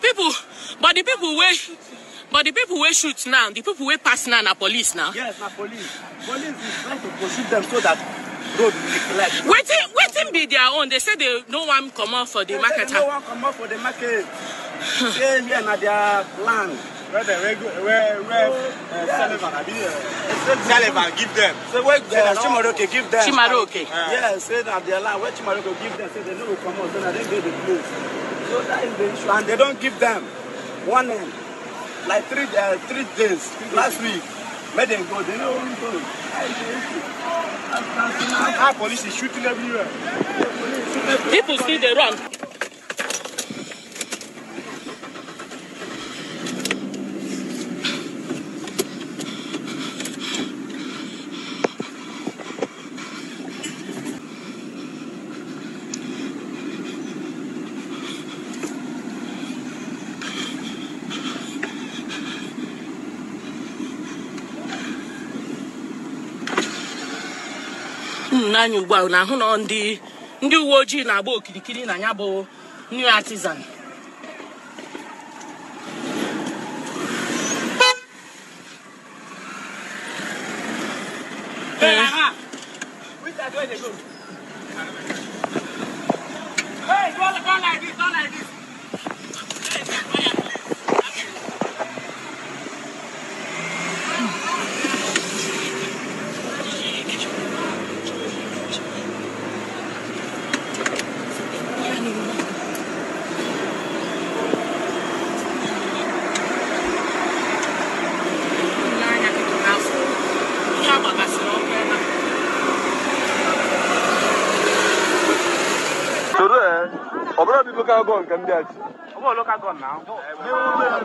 the people, but the people wey but the people wey shoot now The people wey pass now na police now. yes na police police is trying to pursue them so that road will be clear. Waiting, waiting, be their own they say they no one come out for the market. they say they no wan comot for the market. say here na their land. Brother, where go, where where uh, Sullivan? I mean, uh, Sullivan, give them. Say where uh, Chimaroke, give them. Chimaroke. Uh, ah, ah. yeah, say that they allow where Chimaroke give them. Say they know will come out, so that they get the place. So that is the issue, and they don't give them one end. Like three uh, three days last week, where they go, they know where we go. Our ah, police is shooting everywhere. People see they run. unu n'anya ugbu a na-ahụ na ndị ndị uwe ojii na-agba okirikiri na ya bụ new artisan Hey, like this, like this. no be local gun ka ndị a ji ọbụ local gun na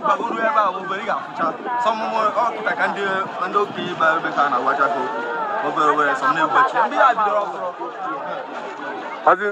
bagoro ebe a bụ ị ga-afụcha sọmụmụ ọkụka ka ndị ndị okenye ba ebe ka a na-agwacha ka okwu obere obere sọ na-egbochi ndị ya bidoro ọhụrụ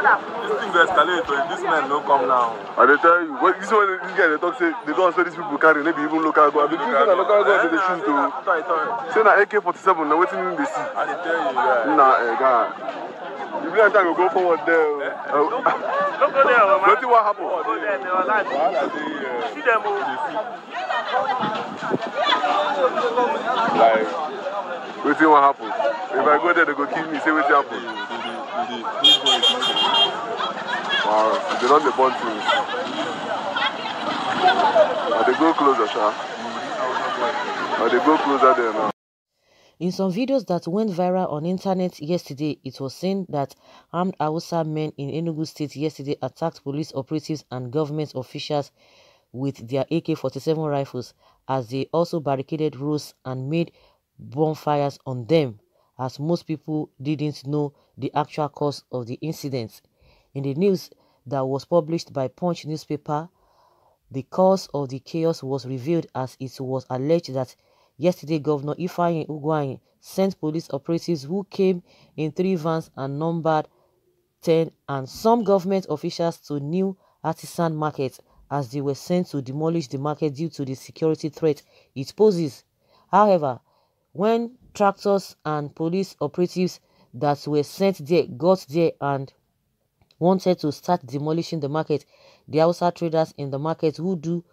This thing go escalate o if this man no come now. I dey tell you, well, you see this guy dey talk say they don say these people carry maybe even local gun. I bin think na local gun dey dey shoot too. Say na AK-47 na wetin him dey see. I dey tell you. Na eh, guy. You be like time go forward there oh. eh, eh, oh. o. No oh, go there man. Wetin wan happen? Go there, they were like. See them o. Like. We see what happens. if i go there they go kill me see what happens. wow they the dey to me. But they go closer sha But they go closer there now. In some videos that went viral on internet yesterday, it was seen that armed Hausa men in Enugu state yesterday attacked police operatives and government officials with their AK-47 rifles as they also barricaded roads and made bonfires on them as most people didn't know the actual cause of the incident. In the news that was published by Punch newspaper, the cause of the chaos was revealed as it was alleged that yesterday Governor Ifeanyi Ugwany sent police operatives who came in three vans and numbered 10 and some government officials to new artisan market as they were sent to demolish the market due to the security threat it poses. However, when tractors and police operatives that were sent there got there and wanted to start demolishing the market, the outside traders in the market who do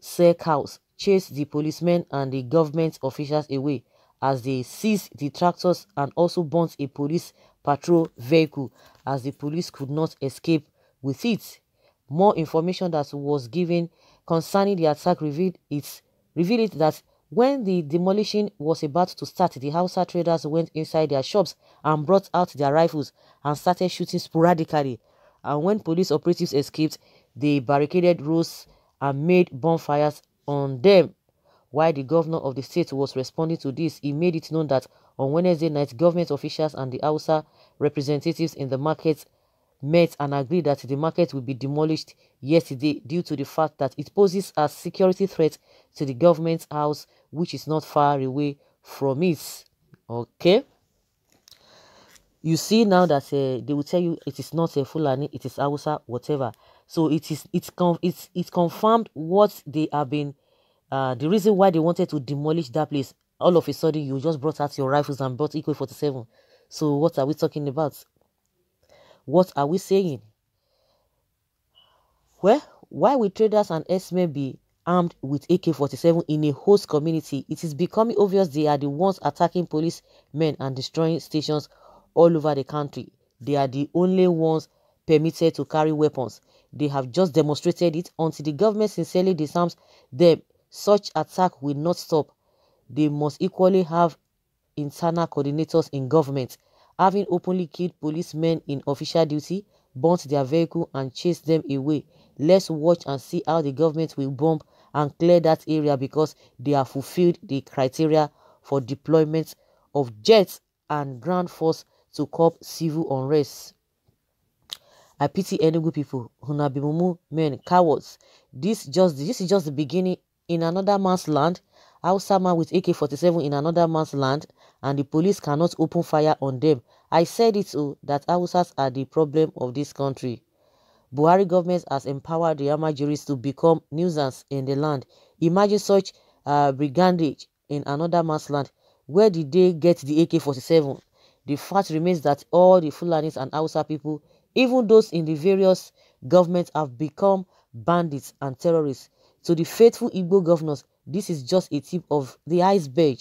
sell cows chased the policemen and the government officials away as they seized the tractors and also burnt a police patrol vehicle as the police could not escape with it. More information that was given concerning the attack revealed, it, revealed that when the demolition was about to start, the Hausa traders went inside their shops and brought out their rifles and started shooting sporadically. And when police operatives escaped, they barricaded roads and made bonfires on them. While the governor of the state was responding to this, he made it known that on Wednesday night, government officials and the Hausa representatives in the market met and agreed that the market will be demolished yesterday due to the fact that it poses a security threat to the government house which is not far away from it. Okay. You see now that uh, they will tell you it is not a Fulani, it is Hausa, whatever. So it is it's con it's it's confirmed what they have been uh, the reason why they wanted to demolish that place. All of a sudden you just brought out your rifles and brought equal 47. So what are we talking about? What are we saying? Well, why we traders and S may be armed with AK-47 in a host community, it is becoming obvious they are the ones attacking police men and destroying stations all over the country. They are the only ones permitted to carry weapons. They have just demonstrated it until the government sincerely disarms them. Such attack will not stop. They must equally have internal coordinators in government, having openly killed policemen in official duty, burnt their vehicle and chased them away. Let's watch and see how the government will bomb and clear that area because they have fulfilled the criteria for deployment of jets and ground force to curb civil unrest. I pity Enugu people, Hunabimumu men, cowards. This just this is just the beginning in another man's land. Hausa with AK-47 in another man's land, and the police cannot open fire on them. I said it so oh, that Hausas are the problem of this country. Buhari government has empowered the Yama jurists to become nuisance in the land. Imagine such uh, brigandage in another man's land. Where did they get the AK-47? The fact remains that all the Fulanis and Hausa people, even those in the various governments, have become bandits and terrorists. To the faithful Igbo governors, this is just a tip of the iceberg.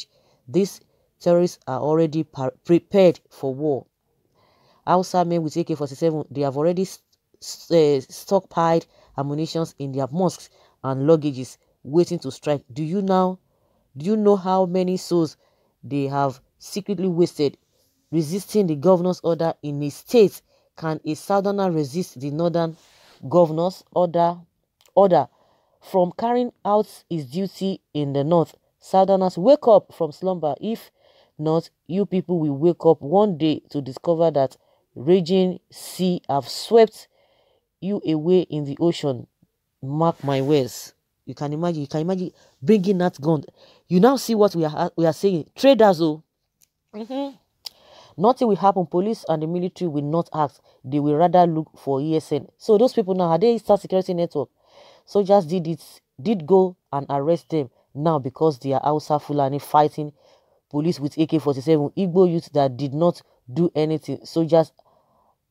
These terrorists are already prepared for war. Hausa men with AK-47, they have already Eh, stockpiled ammunitions in their mosques and luggages waiting to strike. Do you now? Do you know how many souls they have secretly wasted resisting the governor's order in his state? Can a southerner resist the northern governor's order order from carrying out his duty in the north? Southerners wake up from slumber. If not, you people will wake up one day to discover that raging sea have swept you away in the ocean. Mark my words. You can imagine. You can imagine bringing that gun. You now see what we are we are saying. Traders, oh, mm -hmm. nothing will happen. Police and the military will not act. They will rather look for ESN. So those people now, are they Star Security Network? So just did it, did go and arrest them now because they are outside Fulani fighting police with AK-47. Igbo youth that did not do anything. So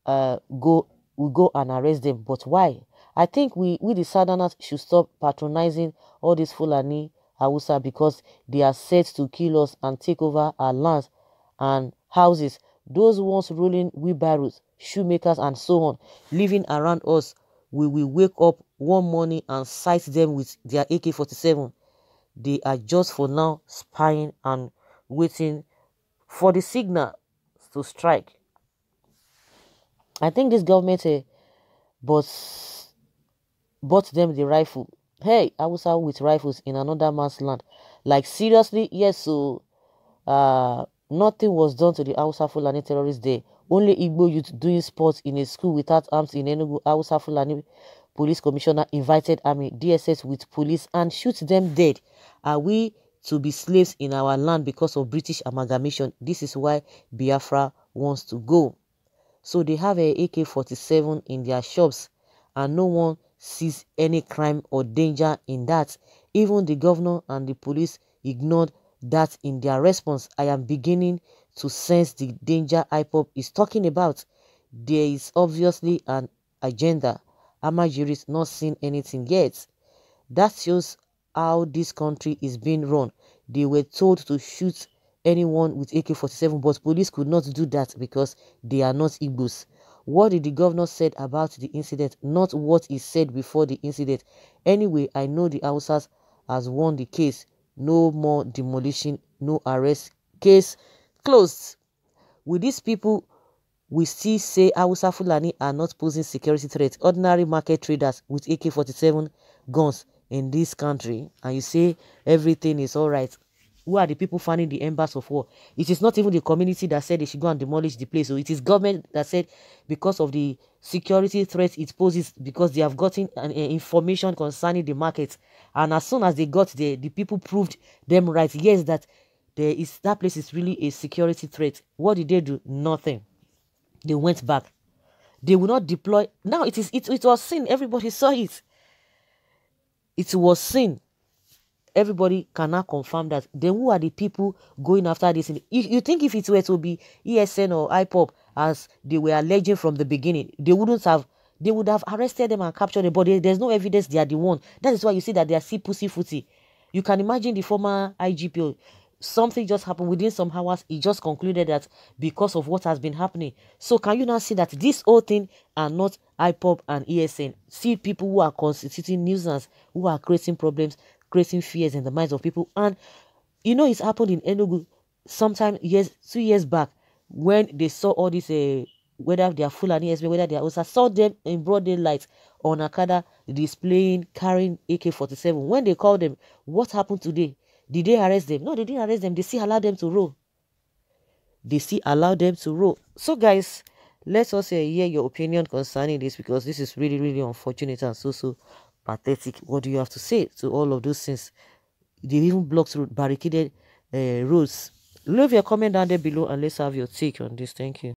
uh, go we go and arrest them. But why? I think we, we the Southerners should stop patronizing all these Fulani Hausa because they are set to kill us and take over our lands and houses. Those ones ruling wheelbarrows, shoemakers and so on, living around us, we will wake up one morning and sight them with their AK-47. They are just for now spying and waiting for the signal to strike. I think this government uh, bought, bought them the rifle. Hey, I was out with rifles in another man's land. Like, seriously? Yes, so uh, nothing was done to the Hausa Fulani terrorists there. Only Igbo youth doing sports in a school without arms in Enugu, Hausa Fulani police commissioner invited army DSS with police and shoot them dead. Are we to be slaves in our land because of British amalgamation? This is why Biafra wants to go. So they have a AK-47 in their shops and no one sees any crime or danger in that. Even the governor and the police ignored that in their response. I am beginning to sense the danger IPOP is talking about. There is obviously an agenda. Amajiri is not seen anything yet. That shows how this country is being run. They were told to shoot anyone with AK-47, but police could not do that because they are not Igbos. What did the governor said about the incident, not what he said before the incident. Anyway, I know the Hausas has won the case. No more demolition, no arrest. Case closed. With these people, we still say Hausa Fulani are not posing security threats. Ordinary market traders with AK-47 guns in this country. And you say everything is all right who are the people finding the embers of war? It is not even the community that said they should go and demolish the place. So oh. it is government that said because of the security threat it poses, because they have gotten an, eh, information concerning the market. And as soon as they got there, the people proved them right. Yes, that there is that place is really a security threat. What did they do? Nothing. They went back. They will not deploy. Now it is it, it was seen. Everybody saw it. It was seen everybody cannot confirm that. Then who are the people going after this? You, you think if it were to be ESN or IPOP, as they were alleging from the beginning, they wouldn't have they would have arrested them and captured them, but there's no evidence they are the one. That is why you see that they are see pussy footy. You can imagine the former IGPO. Something just happened within some hours. He just concluded that because of what has been happening. So can you now see that this whole thing are not IPOP and ESN? See people who are constituting nuisance, who are creating problems, creating fears in the minds of people. And you know, it's happened in Enugu sometime years, two years back, when they saw all this, uh, whether they are full ESB, whether they are also saw them in broad daylight on Akada displaying, carrying AK 47. When they called them, what happened today? Did they arrest them? No, they didn't arrest them. They still allowed them to roll. They still allowed them to roll. So, guys, let us also eh, hear your opinion concerning this because this is really, really unfortunate and so, so Pathetic. What do you have to say to all of those things? They even blocked barricaded uh, roads. Leave your comment down there below and let's have your take on this. Thank you.